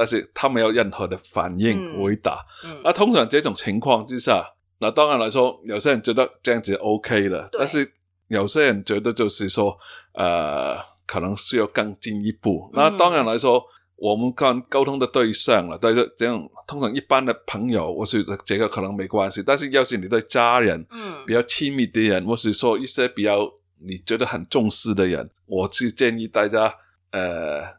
但是他沒有任何的反應回答、嗯，那通常這種情況之下，那當然來說，有些人覺得這樣子 OK 了，但是有些人覺得就是說，呃，可能需要更進一步。那當然來說，嗯、我們看溝通的對象啦，大家這樣通常一般的朋友，我覺得這個可能沒關係，但是要是你的家人，嗯，比較親密的人，嗯、或是說一些比較你覺得很重視的人，我是建議大家，呃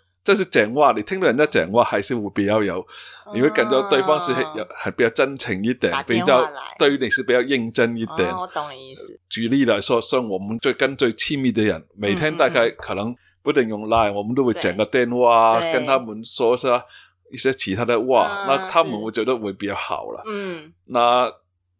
真、就是講話，你聽到人家講話，還是會比較有，你、啊、會感覺對方是係係比較真誠一點，比較對你是比較認真一點。啊、我懂你意思。舉、呃、例來說，像我們最跟最親密的人，每天大概可能不定用 line，、嗯、我們都會講個電話，跟他們說下一些其他的話，那他們會覺得會比較好了。嗯，那。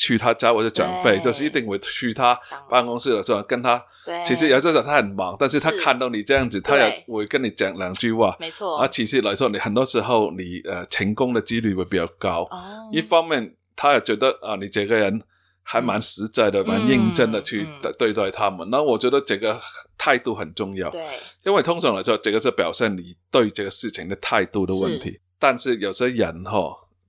去他家或者長輩，就是一定會去他辦公室的時候跟他，其實有時候他很忙，但是他看到你這樣子，他也會跟你講兩句話。沒錯。啊，其實來說，你很多時候你，呃成功的幾率會比較高。嗯、一方面，他也覺得啊、呃，你這個人還蠻實在的，嗯、蠻認真的去對待他們。那、嗯、我覺得這個態度很重要。對。因為通常來說，這個是表現你對這個事情的態度的問題。是。但是有些人哈。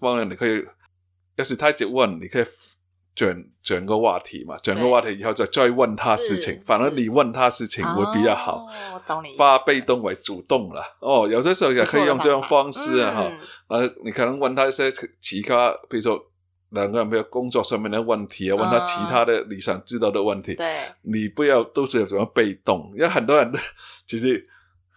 幫人你可以，要是他一直問，你可以轉轉個話題嘛，轉個話題，以後再再問他事情。反而你問他事情會比較好、嗯。化被動為主動啦。嗯、哦，有些時候也可以用這種方式啊，哈，啊、嗯，你可能問他一些其他，比如說兩個人沒有工作上面的問題啊、嗯，問他其他的你想知道的問題。對，你不要都是咁樣被動，因為很多人其實。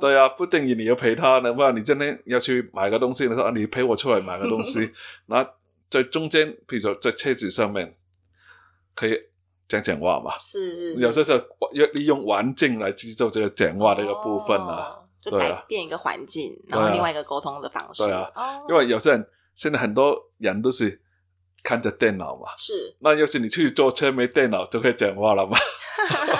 對啊，不定義你要陪他的話，哪怕你今天要去買個東西的時候，你、啊、說你陪我出來買個東西，那 在中間，譬如說在車子上面，可以講講話嘛。是是，是，有些時候要利用環境來製造這個講話的一個部分啊，哦、就改變一個環境、啊，然後另外一個溝通的方式。對啊，對啊、哦，因為有些人，現在很多人都是看着電腦嘛。是。那要是你去坐車，沒電腦就可以講話了嘛？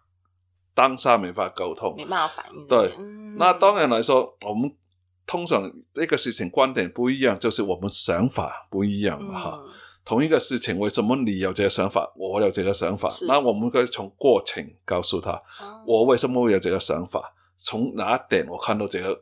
當下沒法溝通，冇辦法反應、對、嗯，那當然來說，我們通常呢個事情觀點不一樣，就是我們想法不一樣、嗯、哈。同一個事情，為什麼你有這個想法，我有這個想法？那我們可以從過程告訴他，我為什麼會有這個想法？啊、從哪點我看到這個？